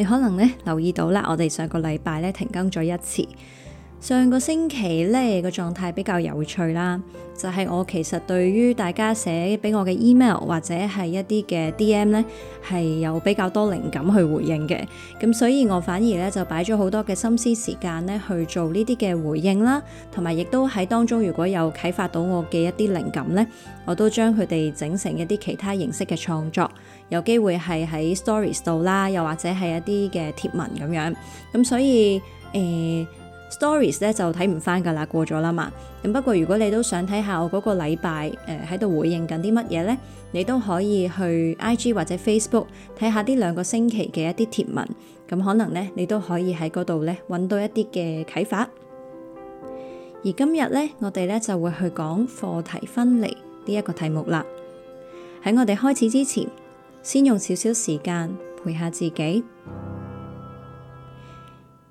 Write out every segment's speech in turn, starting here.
你可能咧留意到啦，我哋上個禮拜咧停更咗一次。上個星期咧個狀態比較有趣啦，就係、是、我其實對於大家寫俾我嘅 email 或者係一啲嘅 DM 咧，係有比較多靈感去回應嘅。咁所以，我反而咧就擺咗好多嘅心思時間咧去做呢啲嘅回應啦，同埋亦都喺當中如果有啟發到我嘅一啲靈感咧，我都將佢哋整成一啲其他形式嘅創作，有機會係喺 stories 度啦，又或者係一啲嘅貼文咁樣。咁所以誒。欸 Stories 咧就睇唔返噶啦，過咗啦嘛。咁不過如果你都想睇下我嗰個禮拜誒喺度回應緊啲乜嘢呢，你都可以去 IG 或者 Facebook 睇下呢兩個星期嘅一啲貼文，咁可能呢，你都可以喺嗰度呢揾到一啲嘅啟發。而今日呢，我哋呢就會去講課題分離呢一個題目啦。喺我哋開始之前，先用少少時間陪下自己。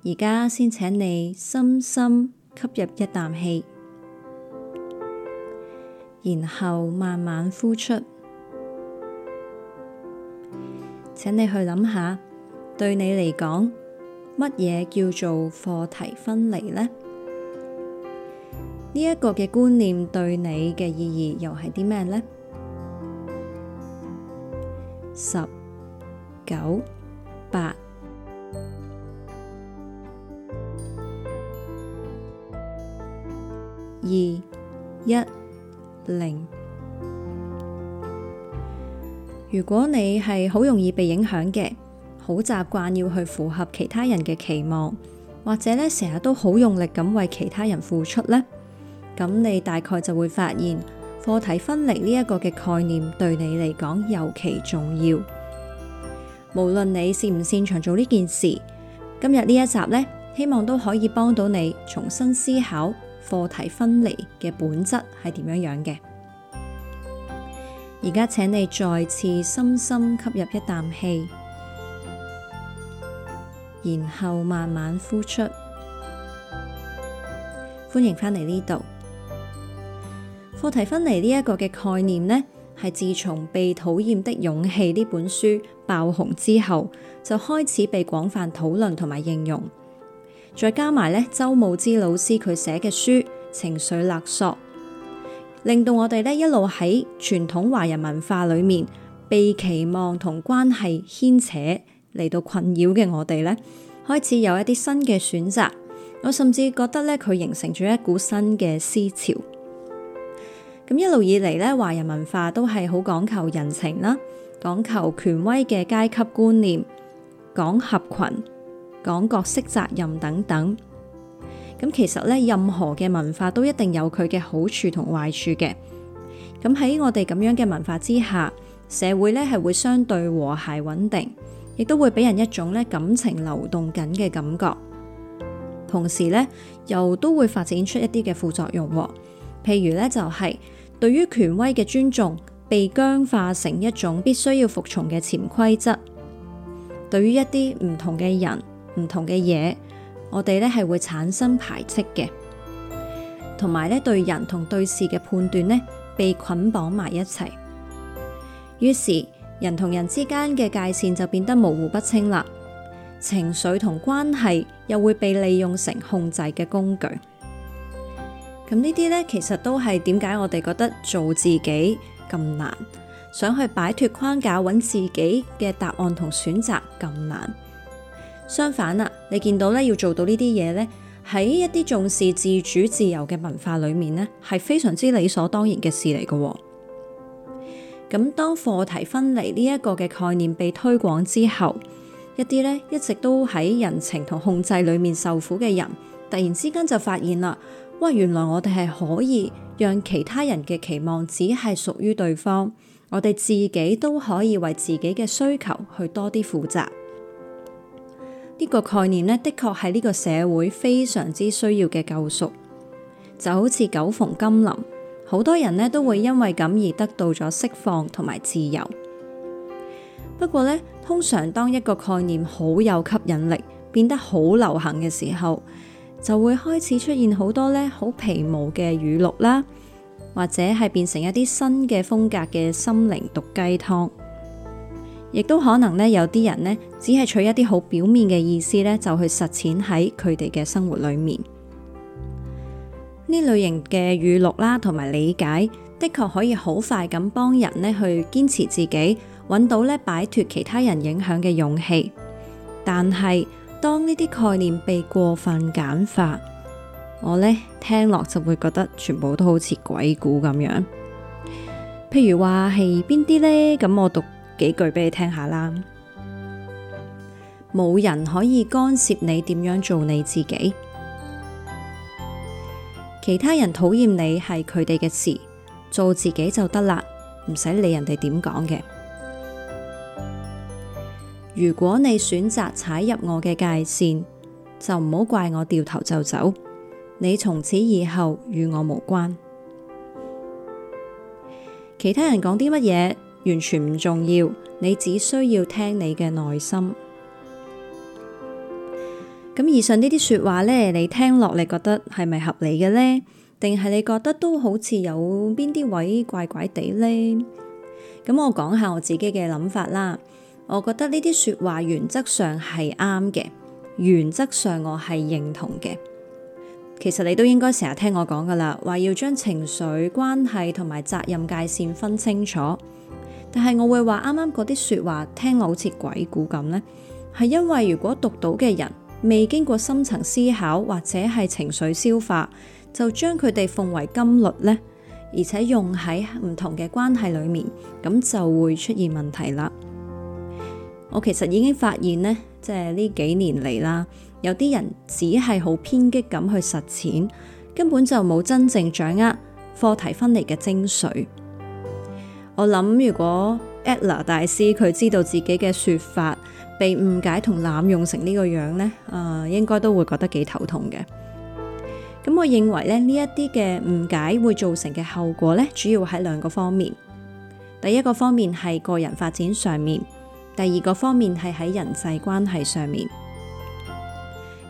而家先請你深深吸入一啖氣，然後慢慢呼出。請你去諗下，對你嚟講，乜嘢叫做課題分離呢？呢一個嘅觀念對你嘅意義又係啲咩呢？十九八。二一零，如果你係好容易被影響嘅，好習慣要去符合其他人嘅期望，或者呢成日都好用力咁為其他人付出呢，咁你大概就會發現課題分離呢一個嘅概念對你嚟講尤其重要。無論你擅唔擅長做呢件事，今日呢一集呢，希望都可以幫到你重新思考。課題分離嘅本質係點樣樣嘅？而家請你再次深深吸入一啖氣，然後慢慢呼出。歡迎返嚟呢度。課題分離呢一個嘅概念呢，係自從《被討厭的勇氣》呢本書爆紅之後，就開始被廣泛討論同埋應用。再加埋咧，周慕之老師佢寫嘅書《情緒勒索》，令到我哋咧一路喺傳統華人文化裏面被期望同關係牽扯嚟到困擾嘅我哋咧，開始有一啲新嘅選擇。我甚至覺得咧，佢形成咗一股新嘅思潮。咁一路以嚟咧，華人文化都係好講求人情啦，講求權威嘅階級觀念，講合群。講角色責任等等，咁其實咧，任何嘅文化都一定有佢嘅好處同壞處嘅。咁喺我哋咁樣嘅文化之下，社會咧係會相對和諧穩定，亦都會俾人一種咧感情流動緊嘅感覺。同時咧，又都會發展出一啲嘅副作用，譬如咧就係、是、對於權威嘅尊重被僵化成一種必須要服從嘅潛規則，對於一啲唔同嘅人。唔同嘅嘢，我哋呢係會產生排斥嘅，同埋呢對人同對事嘅判斷呢，被捆綁埋一齊，於是人同人之間嘅界線就變得模糊不清啦。情緒同關係又會被利用成控制嘅工具。咁呢啲呢，其實都係點解我哋覺得做自己咁難，想去擺脫框架，揾自己嘅答案同選擇咁難。相反啦，你見到咧要做到呢啲嘢咧，喺一啲重視自主自由嘅文化裏面咧，係非常之理所當然嘅事嚟嘅。咁當課題分離呢一個嘅概念被推廣之後，一啲咧一直都喺人情同控制裏面受苦嘅人，突然之間就發現啦，哇！原來我哋係可以讓其他人嘅期望只係屬於對方，我哋自己都可以為自己嘅需求去多啲負責。呢個概念呢，的確係呢個社會非常之需要嘅救贖，就好似久逢甘霖，好多人呢都會因為咁而得到咗釋放同埋自由。不過呢，通常當一個概念好有吸引力，變得好流行嘅時候，就會開始出現好多呢好皮毛嘅語錄啦，或者係變成一啲新嘅風格嘅心靈毒雞湯。亦都可能咧，有啲人呢，只係取一啲好表面嘅意思呢，就去實踐喺佢哋嘅生活裏面。呢類型嘅語錄啦，同埋理解，的確可以好快咁幫人呢去堅持自己，揾到呢擺脫其他人影響嘅勇氣。但係當呢啲概念被過分簡化，我呢聽落就會覺得全部都好似鬼故咁樣。譬如話係邊啲呢？咁我讀。幾句俾你聽下啦。冇人可以干涉你點樣做你自己，其他人討厭你係佢哋嘅事，做自己就得啦，唔使理人哋點講嘅。如果你選擇踩入我嘅界線，就唔好怪我掉頭就走。你從此以後與我無關。其他人講啲乜嘢？完全唔重要，你只需要聽你嘅內心。咁以上呢啲說話呢，你聽落，你覺得係咪合理嘅呢？定係你覺得都好似有邊啲位怪怪地呢？咁我講下我自己嘅諗法啦。我覺得呢啲說話原則上係啱嘅，原則上我係認同嘅。其實你都應該成日聽我講㗎喇，話要將情緒關係同埋責任界線分清楚。但係我會話啱啱嗰啲說話聽落好似鬼故咁呢，係因為如果讀到嘅人未經過深層思考或者係情緒消化，就將佢哋奉為金律呢，而且用喺唔同嘅關係裏面，咁就會出現問題啦。我其實已經發現呢，即係呢幾年嚟啦，有啲人只係好偏激咁去實踐，根本就冇真正掌握課題分離嘅精髓。我諗如果 e l Adler 大師佢知道自己嘅說法被誤解同濫用成呢個樣呢，誒、呃，應該都會覺得幾頭痛嘅。咁我認為咧，呢一啲嘅誤解會造成嘅後果呢，主要喺兩個方面。第一個方面係個人發展上面，第二個方面係喺人際關係上面。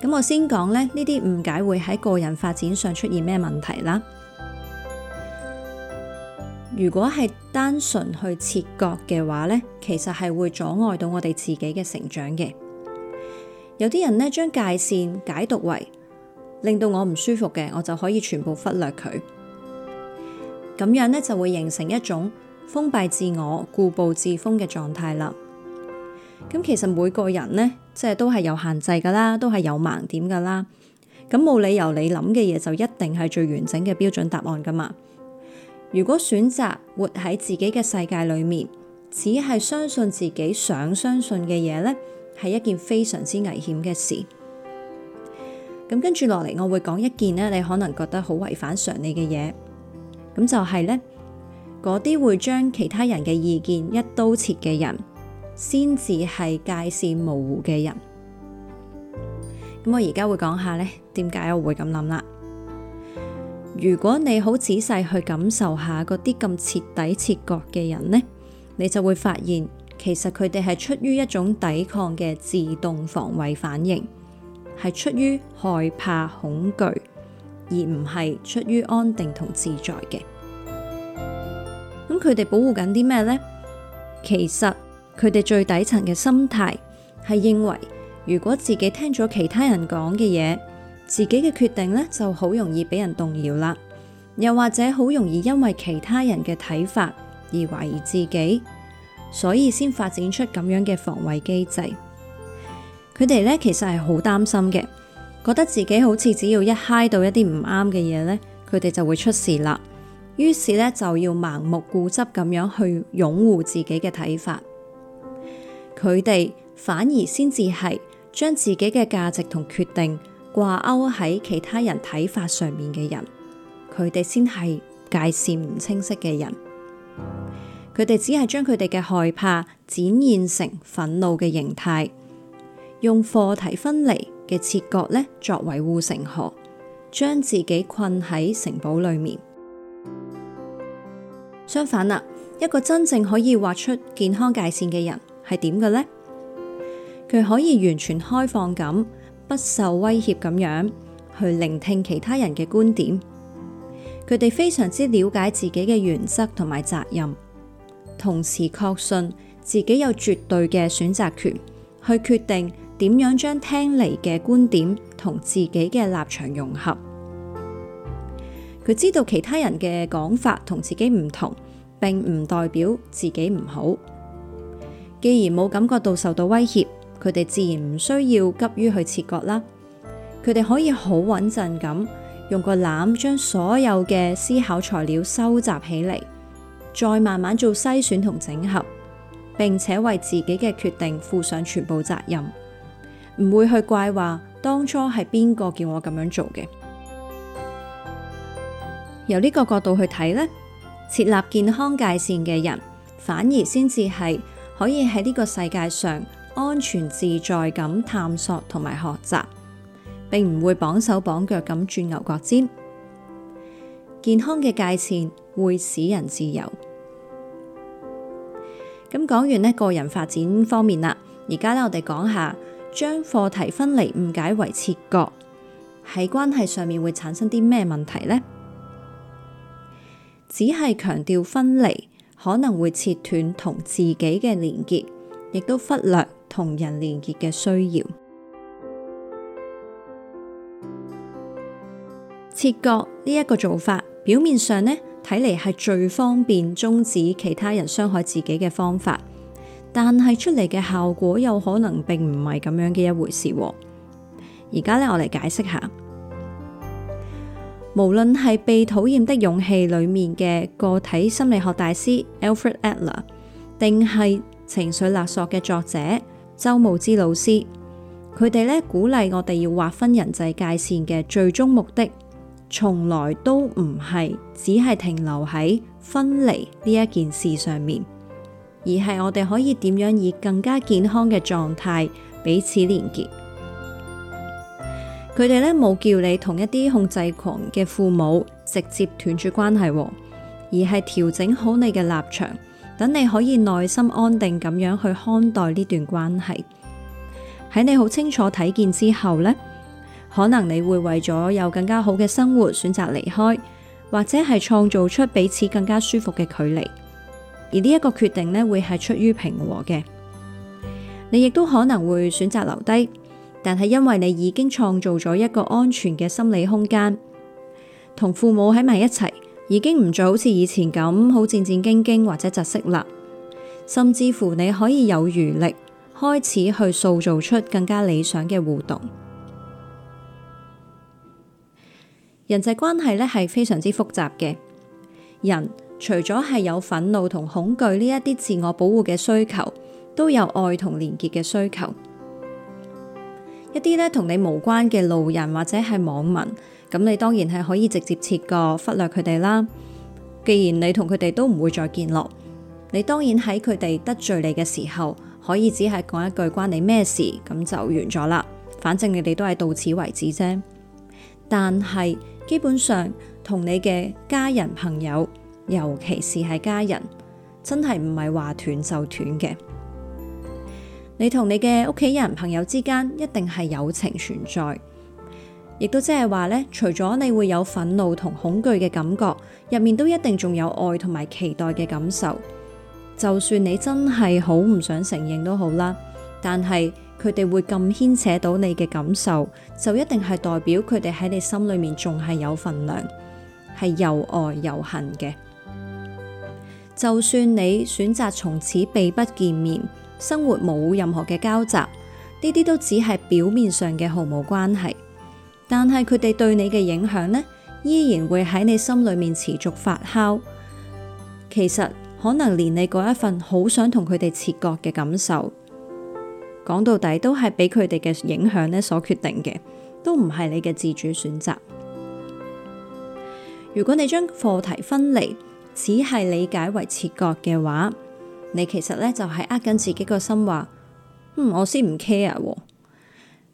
咁我先講咧，呢啲誤解會喺個人發展上出現咩問題啦？如果係單純去切割嘅話咧，其實係會阻礙到我哋自己嘅成長嘅。有啲人咧，將界線解讀為令到我唔舒服嘅，我就可以全部忽略佢。咁樣呢，就會形成一種封閉自我、固步自封嘅狀態啦。咁其實每個人呢，即係都係有限制噶啦，都係有盲點噶啦。咁冇理由你諗嘅嘢就一定係最完整嘅標準答案噶嘛。如果選擇活喺自己嘅世界裏面，只係相信自己想相信嘅嘢呢，係一件非常之危險嘅事。咁跟住落嚟，我會講一件呢，你可能覺得好違反常理嘅嘢。咁就係呢，嗰啲會將其他人嘅意見一刀切嘅人，先至係界線模糊嘅人。咁我而家會講下呢，點解我會咁諗啦？如果你好仔細去感受下嗰啲咁徹底切割嘅人呢，你就會發現，其實佢哋係出於一種抵抗嘅自動防衛反應，係出於害怕恐懼，而唔係出於安定同自在嘅。咁佢哋保護緊啲咩呢？其實佢哋最底層嘅心態係認為，如果自己聽咗其他人講嘅嘢。自己嘅決定呢就好容易俾人動搖啦，又或者好容易因為其他人嘅睇法而懷疑自己，所以先發展出咁樣嘅防衛機制。佢哋呢其實係好擔心嘅，覺得自己好似只要一嗨到一啲唔啱嘅嘢呢，佢哋就會出事啦。於是呢，就要盲目固執咁樣去擁護自己嘅睇法，佢哋反而先至係將自己嘅價值同決定。掛鈎喺其他人睇法上面嘅人，佢哋先係界線唔清晰嘅人。佢哋只係將佢哋嘅害怕展現成憤怒嘅形態，用課題分離嘅切割咧作為護城河，將自己困喺城堡裏面。相反啦，一個真正可以畫出健康界線嘅人係點嘅呢？佢可以完全開放咁。不受威脅咁樣去聆聽其他人嘅觀點，佢哋非常之了解自己嘅原則同埋責任，同時確信自己有絕對嘅選擇權，去決定點樣將聽嚟嘅觀點同自己嘅立場融合。佢知道其他人嘅講法同自己唔同，並唔代表自己唔好。既然冇感覺到受到威脅。佢哋自然唔需要急於去切割啦，佢哋可以好穩陣咁用個籃將所有嘅思考材料收集起嚟，再慢慢做篩選同整合，並且為自己嘅決定負上全部責任，唔會去怪話當初係邊個叫我咁樣做嘅。由呢個角度去睇呢，設立健康界線嘅人，反而先至係可以喺呢個世界上，安全自在咁探索同埋學習，並唔會綁手綁腳咁轉牛角尖。健康嘅界線會使人自由。咁講完呢，個人發展方面啦，而家呢我哋講下將課題分離誤解為切割喺關係上面會產生啲咩問題呢？只係強調分離，可能會切斷同自己嘅連結，亦都忽略。同人連結嘅需要，切割呢一個做法，表面上呢睇嚟係最方便終止其他人傷害自己嘅方法，但係出嚟嘅效果有可能並唔係咁樣嘅一回事。而家呢，我嚟解釋下，無論係《被討厭的勇氣》裏面嘅個體心理學大師 Alfred Adler 定係情緒勒索嘅作者，周慕之老師，佢哋咧鼓勵我哋要劃分人際界線嘅最終目的，從來都唔係只係停留喺分離呢一件事上面，而係我哋可以點樣以更加健康嘅狀態彼此連結。佢哋咧冇叫你同一啲控制狂嘅父母直接斷絕關係，而係調整好你嘅立場。等你可以耐心安定咁樣去看待呢段關係，喺你好清楚睇見之後呢，可能你會為咗有更加好嘅生活選擇離開，或者係創造出彼此更加舒服嘅距離。而呢一個決定呢，會係出於平和嘅。你亦都可能會選擇留低，但係因為你已經創造咗一個安全嘅心理空間，同父母喺埋一齊。已經唔再好似以前咁好戰戰兢兢或者窒息啦，甚至乎你可以有餘力開始去塑造出更加理想嘅互動。人際關係呢係非常之複雜嘅，人除咗係有憤怒同恐懼呢一啲自我保護嘅需求，都有愛同連結嘅需求。一啲呢同你無關嘅路人或者係網民。咁你當然係可以直接切個忽略佢哋啦。既然你同佢哋都唔會再見落，你當然喺佢哋得罪你嘅時候，可以只係講一句關你咩事，咁就完咗啦。反正你哋都係到此為止啫。但係基本上同你嘅家人朋友，尤其是係家人，真係唔係話斷就斷嘅。你同你嘅屋企人朋友之間，一定係友情存在。亦都即係話咧，除咗你會有憤怒同恐懼嘅感覺，入面都一定仲有愛同埋期待嘅感受。就算你真係好唔想承認都好啦，但係佢哋會咁牽扯到你嘅感受，就一定係代表佢哋喺你心裏面仲係有份量，係又愛又恨嘅。就算你選擇從此避不見面，生活冇任何嘅交集，呢啲都只係表面上嘅毫無關係。但係佢哋對你嘅影響呢，依然會喺你心裏面持續發酵。其實可能連你嗰一份好想同佢哋切割嘅感受，講到底都係俾佢哋嘅影響呢所決定嘅，都唔係你嘅自主選擇。如果你將課題分離，只係理解為切割嘅話，你其實呢就係呃緊自己個心話，嗯，我先唔 care 喎。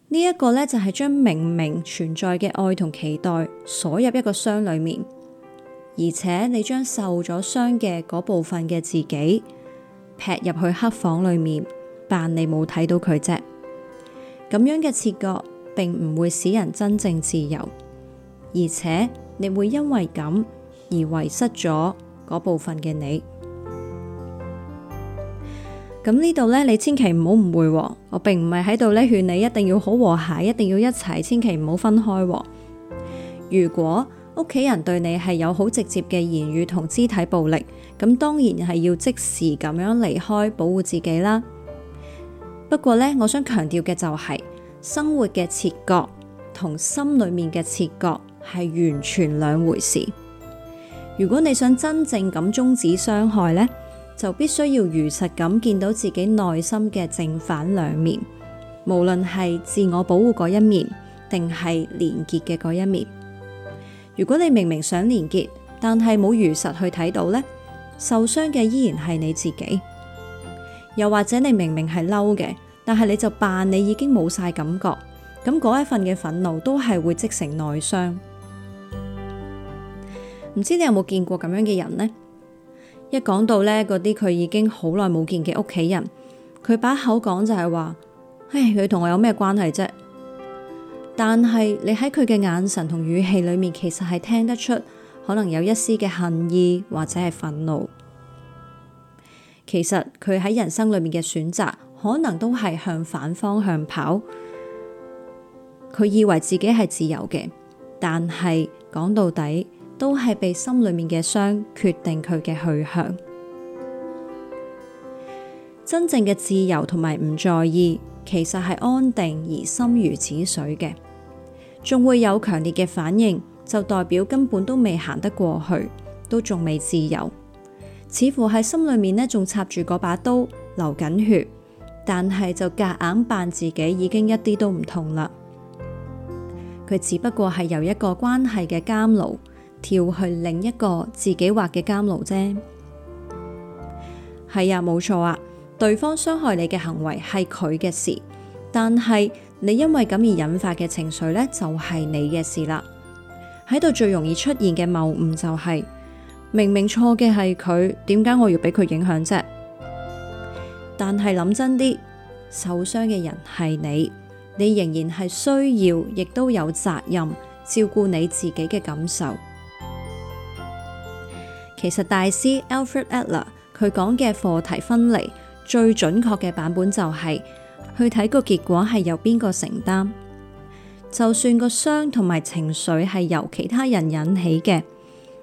呢一個呢，就係將明明存在嘅愛同期待鎖入一個箱裏面，而且你將受咗傷嘅嗰部分嘅自己劈入去黑房裏面，扮你冇睇到佢啫。咁樣嘅切割並唔會使人真正自由，而且你會因為咁而遺失咗嗰部分嘅你。咁呢度呢，你千祈唔好誤會，我並唔係喺度咧勸你一定要好和諧，一定要一齊，千祈唔好分開。如果屋企人對你係有好直接嘅言語同肢體暴力，咁當然係要即時咁樣離開，保護自己啦。不過呢，我想強調嘅就係，生活嘅切割同心裏面嘅切割係完全兩回事。如果你想真正咁終止傷害呢，就必須要如實咁見到自己內心嘅正反兩面，無論係自我保護嗰一面，定係連結嘅嗰一面。如果你明明想連結，但係冇如實去睇到呢，受傷嘅依然係你自己。又或者你明明係嬲嘅，但係你就扮你已經冇晒感覺，咁嗰一份嘅憤怒都係會積成內傷。唔知你有冇見過咁樣嘅人呢？一講到呢嗰啲佢已經好耐冇見嘅屋企人，佢把口講就係話：「唉，佢同我有咩關係啫？但係你喺佢嘅眼神同語氣裏面，其實係聽得出可能有一絲嘅恨意或者係憤怒。其實佢喺人生裏面嘅選擇，可能都係向反方向跑。佢以為自己係自由嘅，但係講到底，都係被心裏面嘅傷決定佢嘅去向。真正嘅自由同埋唔在意，其實係安定而心如止水嘅。仲會有強烈嘅反應，就代表根本都未行得過去，都仲未自由。似乎喺心裏面呢，仲插住嗰把刀，流緊血，但係就夾硬扮自己已經一啲都唔痛啦。佢只不過係由一個關係嘅監牢。跳去另一個自己畫嘅監牢啫。係啊，冇錯啊。對方傷害你嘅行為係佢嘅事，但係你因為咁而引發嘅情緒呢，就係你嘅事啦。喺度最容易出現嘅謬誤就係，明明錯嘅係佢，點解我要俾佢影響啫？但係諗真啲，受傷嘅人係你，你仍然係需要，亦都有責任照顧你自己嘅感受。其實大師 Alfred Adler 佢講嘅課題分離最準確嘅版本就係、是、去睇個結果係由邊個承擔，就算個傷同埋情緒係由其他人引起嘅，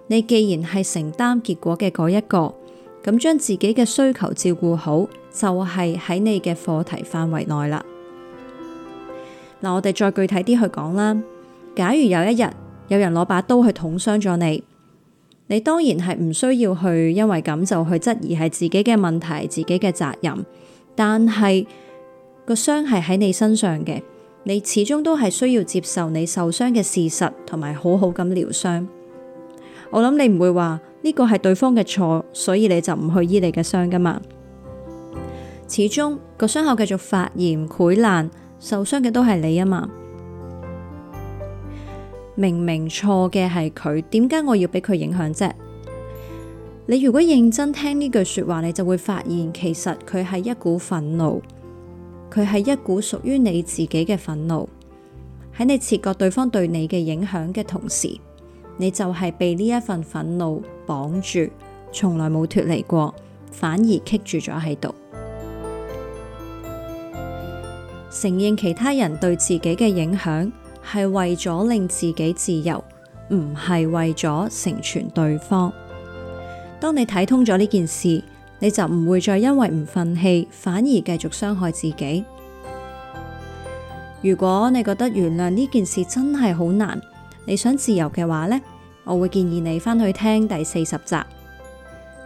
你既然係承擔結果嘅嗰一個，咁、嗯、將自己嘅需求照顧好就係、是、喺你嘅課題範圍內啦。嗱、嗯，我哋再具體啲去講啦。假如有一日有人攞把刀去捅傷咗你。你當然係唔需要去，因為咁就去質疑係自己嘅問題、自己嘅責任。但係個傷係喺你身上嘅，你始終都係需要接受你受傷嘅事實，同埋好好咁療傷。我諗你唔會話呢個係對方嘅錯，所以你就唔去醫你嘅傷噶嘛？始終個傷口繼續發炎潰爛，受傷嘅都係你啊嘛。明明錯嘅係佢，點解我要俾佢影響啫？你如果認真聽呢句說話，你就會發現其實佢係一股憤怒，佢係一股屬於你自己嘅憤怒。喺你切割對方對你嘅影響嘅同時，你就係被呢一份憤怒綁住，從來冇脫離過，反而棘住咗喺度。承認其他人對自己嘅影響。係為咗令自己自由，唔係為咗成全對方。當你睇通咗呢件事，你就唔會再因為唔忿氣，反而繼續傷害自己。如果你覺得原諒呢件事真係好難，你想自由嘅話呢，我會建議你翻去聽第四十集，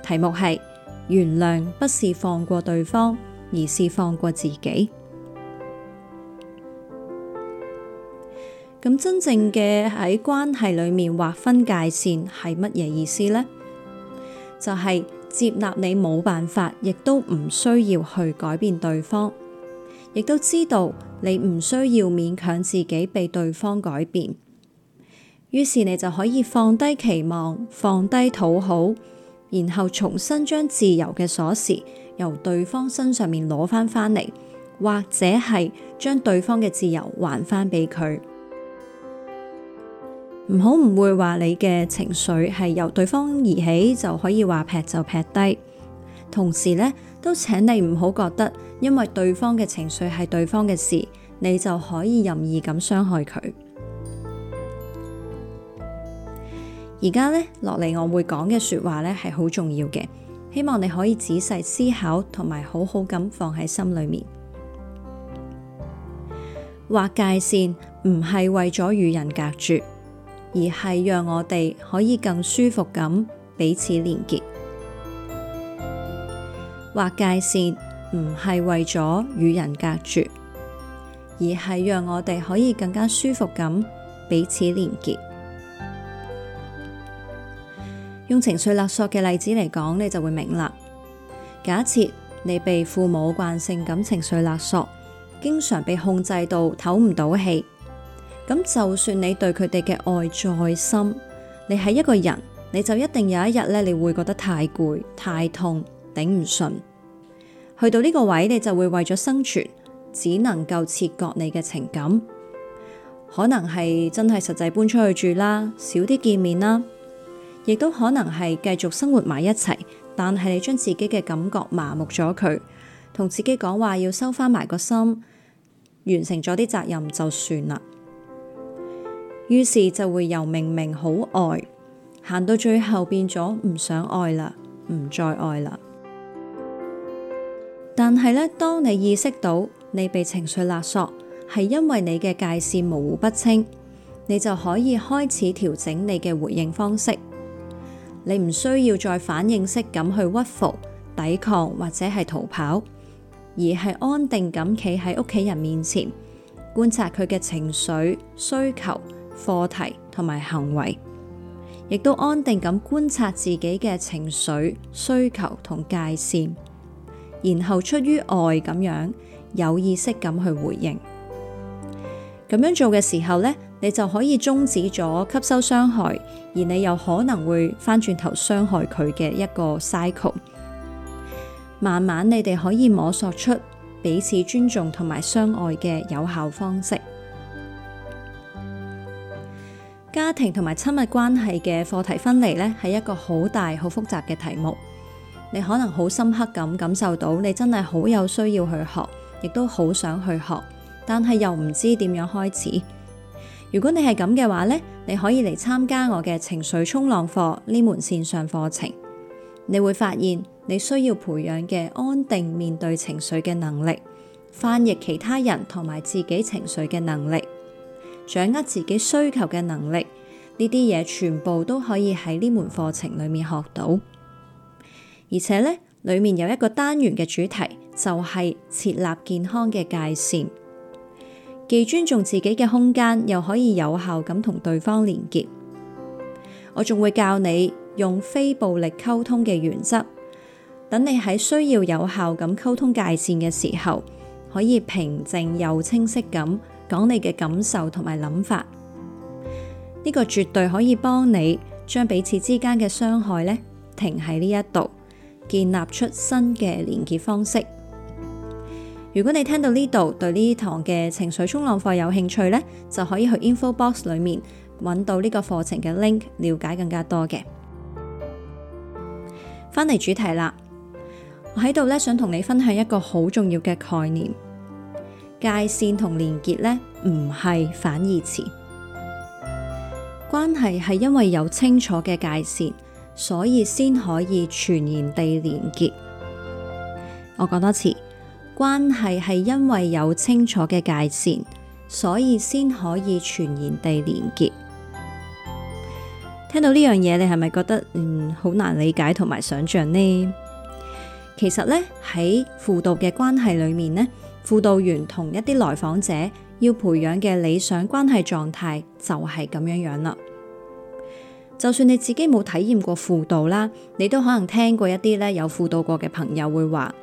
題目係原諒不是放過對方，而是放過自己。咁真正嘅，喺關係裏面劃分界線係乜嘢意思呢？就係接納你冇辦法，亦都唔需要去改變對方，亦都知道你唔需要勉強自己被對方改變。於是你就可以放低期望，放低討好，然後重新將自由嘅鎖匙由對方身上面攞翻翻嚟，或者係將對方嘅自由還翻俾佢。唔好唔會話你嘅情緒係由對方而起，就可以話劈就劈低。同時呢，都請你唔好覺得，因為對方嘅情緒係對方嘅事，你就可以任意咁傷害佢。而家呢，落嚟我會講嘅說話呢，係好重要嘅，希望你可以仔細思考同埋好好咁放喺心裏面。劃界線唔係為咗與人隔絕。而係讓我哋可以更舒服咁彼此連結，畫界線唔係為咗與人隔絕，而係讓我哋可以更加舒服咁彼此連結。用情緒勒索嘅例子嚟講，你就會明啦。假設你被父母慣性咁情緒勒索，經常被控制到唞唔到氣。咁就算你對佢哋嘅愛再深，你係一個人，你就一定有一日咧，你會覺得太攰、太痛、頂唔順，去到呢個位，你就會為咗生存，只能夠切割你嘅情感。可能係真係實際搬出去住啦，少啲見面啦，亦都可能係繼續生活埋一齊，但係你將自己嘅感覺麻木咗佢，同自己講話要收翻埋個心，完成咗啲責任就算啦。於是就會由明明好愛，行到最後變咗唔想愛啦，唔再愛啦。但係咧，當你意識到你被情緒勒索，係因為你嘅界線模糊不清，你就可以開始調整你嘅回應方式。你唔需要再反應式咁去屈服、抵抗或者係逃跑，而係安定咁企喺屋企人面前，觀察佢嘅情緒需求。課題同埋行為，亦都安定咁觀察自己嘅情緒、需求同界線，然後出於愛咁樣有意識咁去回應。咁樣做嘅時候呢，你就可以終止咗吸收傷害，而你又可能會翻轉頭傷害佢嘅一個 cycle。慢慢，你哋可以摸索出彼此尊重同埋相愛嘅有效方式。家庭同埋親密關係嘅課題分離呢係一個好大、好複雜嘅題目。你可能好深刻咁感受到，你真係好有需要去學，亦都好想去學，但係又唔知點樣開始。如果你係咁嘅話呢，你可以嚟參加我嘅情緒衝浪課呢門線上課程。你會發現你需要培養嘅安定面對情緒嘅能力，翻譯其他人同埋自己情緒嘅能力。掌握自己需求嘅能力，呢啲嘢全部都可以喺呢門課程裏面學到。而且呢，裏面有一個單元嘅主題就係設立健康嘅界線，既尊重自己嘅空間，又可以有效咁同對方連結。我仲會教你用非暴力溝通嘅原則，等你喺需要有效咁溝通界線嘅時候，可以平靜又清晰咁講你嘅感受同埋諗法，呢個絕對可以幫你將彼此之間嘅傷害咧停喺呢一度，建立出新嘅連結方式。如果你聽到呢度對呢堂嘅情緒衝浪課有興趣呢，就可以去 info box 裏面搵到呢個課程嘅 link，了解更加多嘅。翻嚟主題啦，我喺度呢想同你分享一個好重要嘅概念。界線同連結呢，唔係反義詞，關係係因為有清楚嘅界線，所以先可以全然地連結。我講多次，關係係因為有清楚嘅界線，所以先可以全然地連結。聽到呢樣嘢，你係咪覺得嗯，好難理解同埋想象呢？其實呢，喺輔導嘅關係裏面呢。輔導員同一啲來訪者要培養嘅理想關係狀態就係咁樣樣啦。就算你自己冇體驗過輔導啦，你都可能聽過一啲咧有輔導過嘅朋友會話：啊、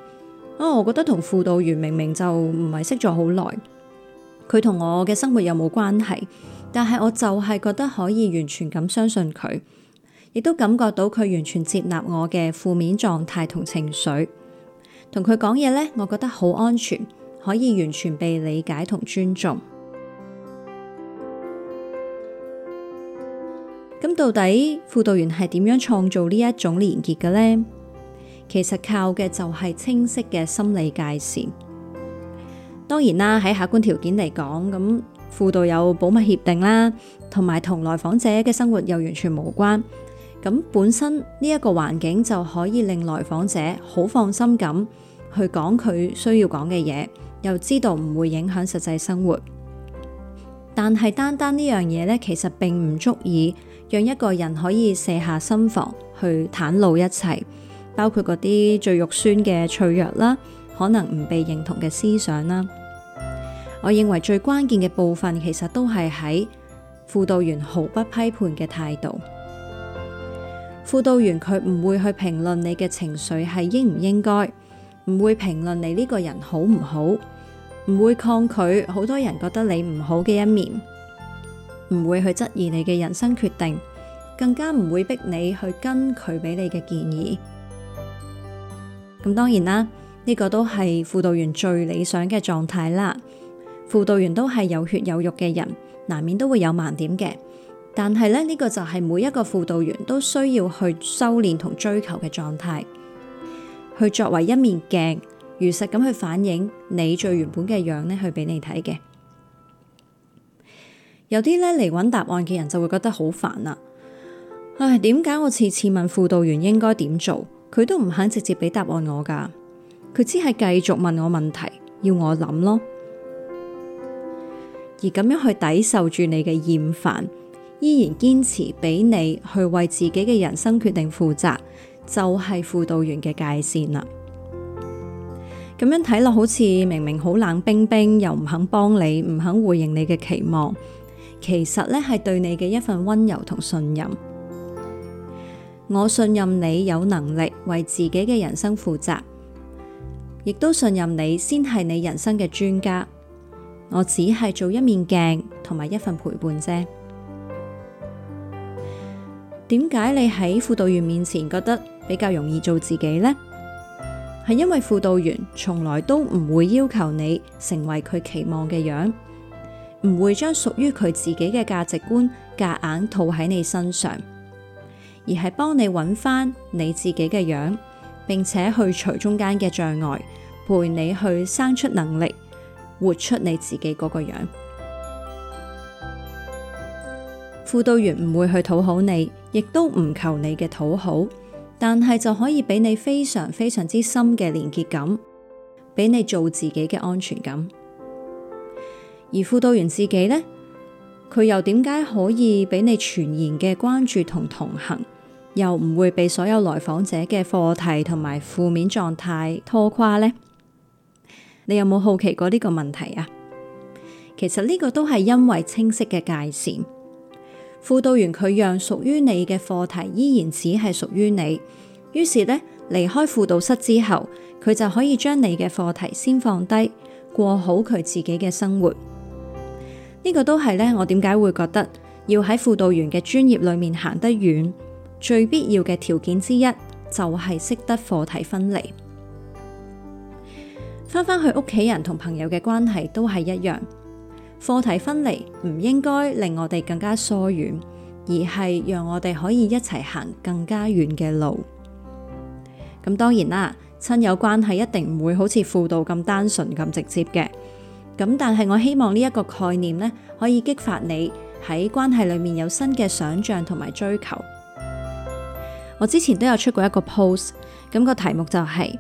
哦，我覺得同輔導員明明就唔係識咗好耐，佢同我嘅生活有冇關係？但係我就係覺得可以完全咁相信佢，亦都感覺到佢完全接納我嘅負面狀態同情緒，同佢講嘢咧，我覺得好安全。可以完全被理解同尊重。咁到底輔導員係點樣創造呢一種連結嘅呢？其實靠嘅就係清晰嘅心理界線。當然啦，喺客觀條件嚟講，咁輔導有保密協定啦，同埋同來訪者嘅生活又完全無關。咁本身呢一個環境就可以令來訪者好放心咁去講佢需要講嘅嘢。又知道唔會影響實際生活，但係單單呢樣嘢呢，其實並唔足以讓一個人可以卸下心防，去袒露一切，包括嗰啲最肉酸嘅脆弱啦，可能唔被認同嘅思想啦。我認為最關鍵嘅部分，其實都係喺輔導員毫不批判嘅態度。輔導員佢唔會去評論你嘅情緒係應唔應該，唔會評論你呢個人好唔好。唔會抗拒好多人覺得你唔好嘅一面，唔會去質疑你嘅人生決定，更加唔會逼你去跟佢俾你嘅建議。咁當然啦，呢個都係輔導員最理想嘅狀態啦。輔導員都係有血有肉嘅人，難免都會有盲點嘅。但係咧，呢個就係每一個輔導員都需要去修煉同追求嘅狀態，去作為一面鏡。如實咁去反映你最原本嘅樣呢，去俾你睇嘅。有啲呢嚟揾答案嘅人就會覺得好煩啦。唉，點解我次次問輔導員應該點做，佢都唔肯直接俾答案我噶？佢只係繼續問我問題，要我諗咯。而咁樣去抵受住你嘅厭煩，依然堅持俾你去為自己嘅人生決定負責，就係輔導員嘅界線啦。咁樣睇落好似明明好冷冰冰，又唔肯幫你，唔肯回應你嘅期望。其實呢係對你嘅一份溫柔同信任。我信任你有能力為自己嘅人生負責，亦都信任你先係你人生嘅專家。我只係做一面鏡同埋一份陪伴啫。點解你喺輔導員面前覺得比較容易做自己呢？係因為輔導員從來都唔會要求你成為佢期望嘅樣，唔會將屬於佢自己嘅價值觀夾硬套喺你身上，而係幫你揾翻你自己嘅樣，並且去除中間嘅障礙，陪你去生出能力，活出你自己嗰個樣。 輔導員唔會去討好你，亦都唔求你嘅討好。但係就可以俾你非常非常之深嘅連結感，俾你做自己嘅安全感。而輔導員自己呢，佢又點解可以俾你全然嘅關注同同行，又唔會被所有來訪者嘅課題同埋負面狀態拖垮呢？你有冇好奇過呢個問題啊？其實呢個都係因為清晰嘅界線。輔導員佢，讓屬於你嘅課題依然只係屬於你。於是呢，離開輔導室之後，佢就可以將你嘅課題先放低，過好佢自己嘅生活。呢個都係呢，我點解會覺得要喺輔導員嘅專業裏面行得遠，最必要嘅條件之一就係識得課題分離。翻返去屋企人同朋友嘅關係都係一樣。課題分離唔應該令我哋更加疏遠，而係讓我哋可以一齊行更加遠嘅路。咁當然啦，親友關係一定唔會好似輔導咁單純咁直接嘅。咁但係我希望呢一個概念呢，可以激發你喺關係裏面有新嘅想象同埋追求。我之前都有出過一個 post，咁個題目就係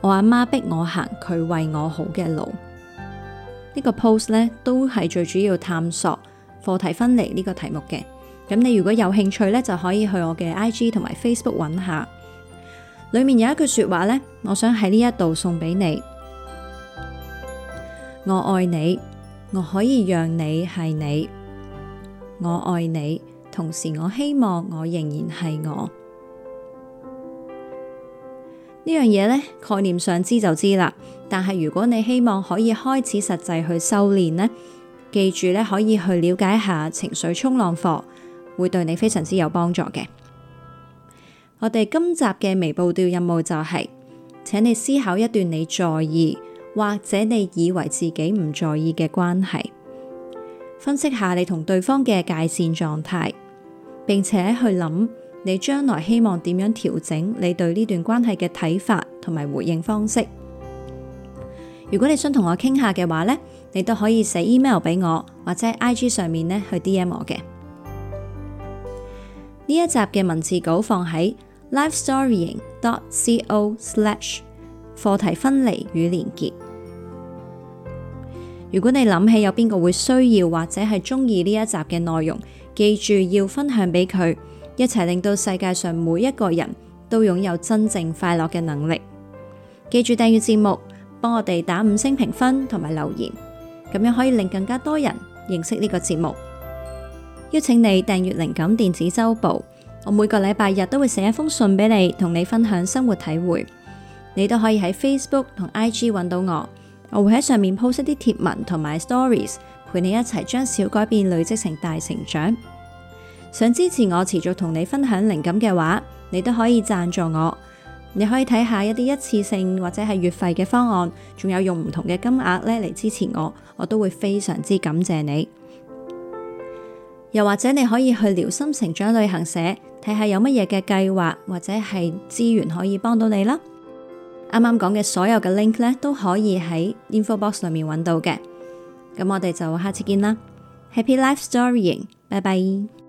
我阿媽逼我行佢為我好嘅路。呢個 post 呢，都係最主要探索課題分離呢個題目嘅，咁你如果有興趣呢，就可以去我嘅 IG 同埋 Facebook 揾下，裏面有一句說話呢，我想喺呢一度送俾你，我愛你，我可以讓你係你，我愛你，同時我希望我仍然係我。呢樣嘢呢，概念上知就知啦。但係如果你希望可以開始實際去修煉呢，記住咧可以去了解下情緒衝浪課，會對你非常之有幫助嘅。我哋今集嘅微步調任務就係、是，請你思考一段你在意或者你以為自己唔在意嘅關係，分析下你同對方嘅界線狀態，並且去諗。你將來希望點樣調整你對呢段關係嘅睇法同埋回應方式？如果你想同我傾下嘅話呢，你都可以寫 email 俾我，或者 IG 上面呢去 DM 我嘅。呢一集嘅文字稿放喺 lifestorying.co/ 課題分離與連結。如果你諗起有邊個會需要或者係中意呢一集嘅內容，記住要分享俾佢。一齊令到世界上每一個人都擁有真正快樂嘅能力。記住訂閱節目，幫我哋打五星評分同埋留言，咁樣可以令更加多人認識呢個節目。邀請你訂閱靈感電子周報，我每個禮拜日都會寫一封信俾你，同你分享生活體會。你都可以喺 Facebook 同 IG 搵到我，我會喺上面 post 啲貼文同埋 Stories，陪你一齊將小改變累積成大成長。想支持我持續同你分享靈感嘅話，你都可以贊助我。你可以睇下一啲一次性或者係月費嘅方案，仲有用唔同嘅金額咧嚟支持我，我都會非常之感謝你。又或者你可以去聊心成長旅行社睇下有乜嘢嘅計劃或者係資源可以幫到你啦。啱啱講嘅所有嘅 link 咧都可以喺 info box 裏面揾到嘅。咁我哋就下次見啦，Happy Life Storying，拜拜。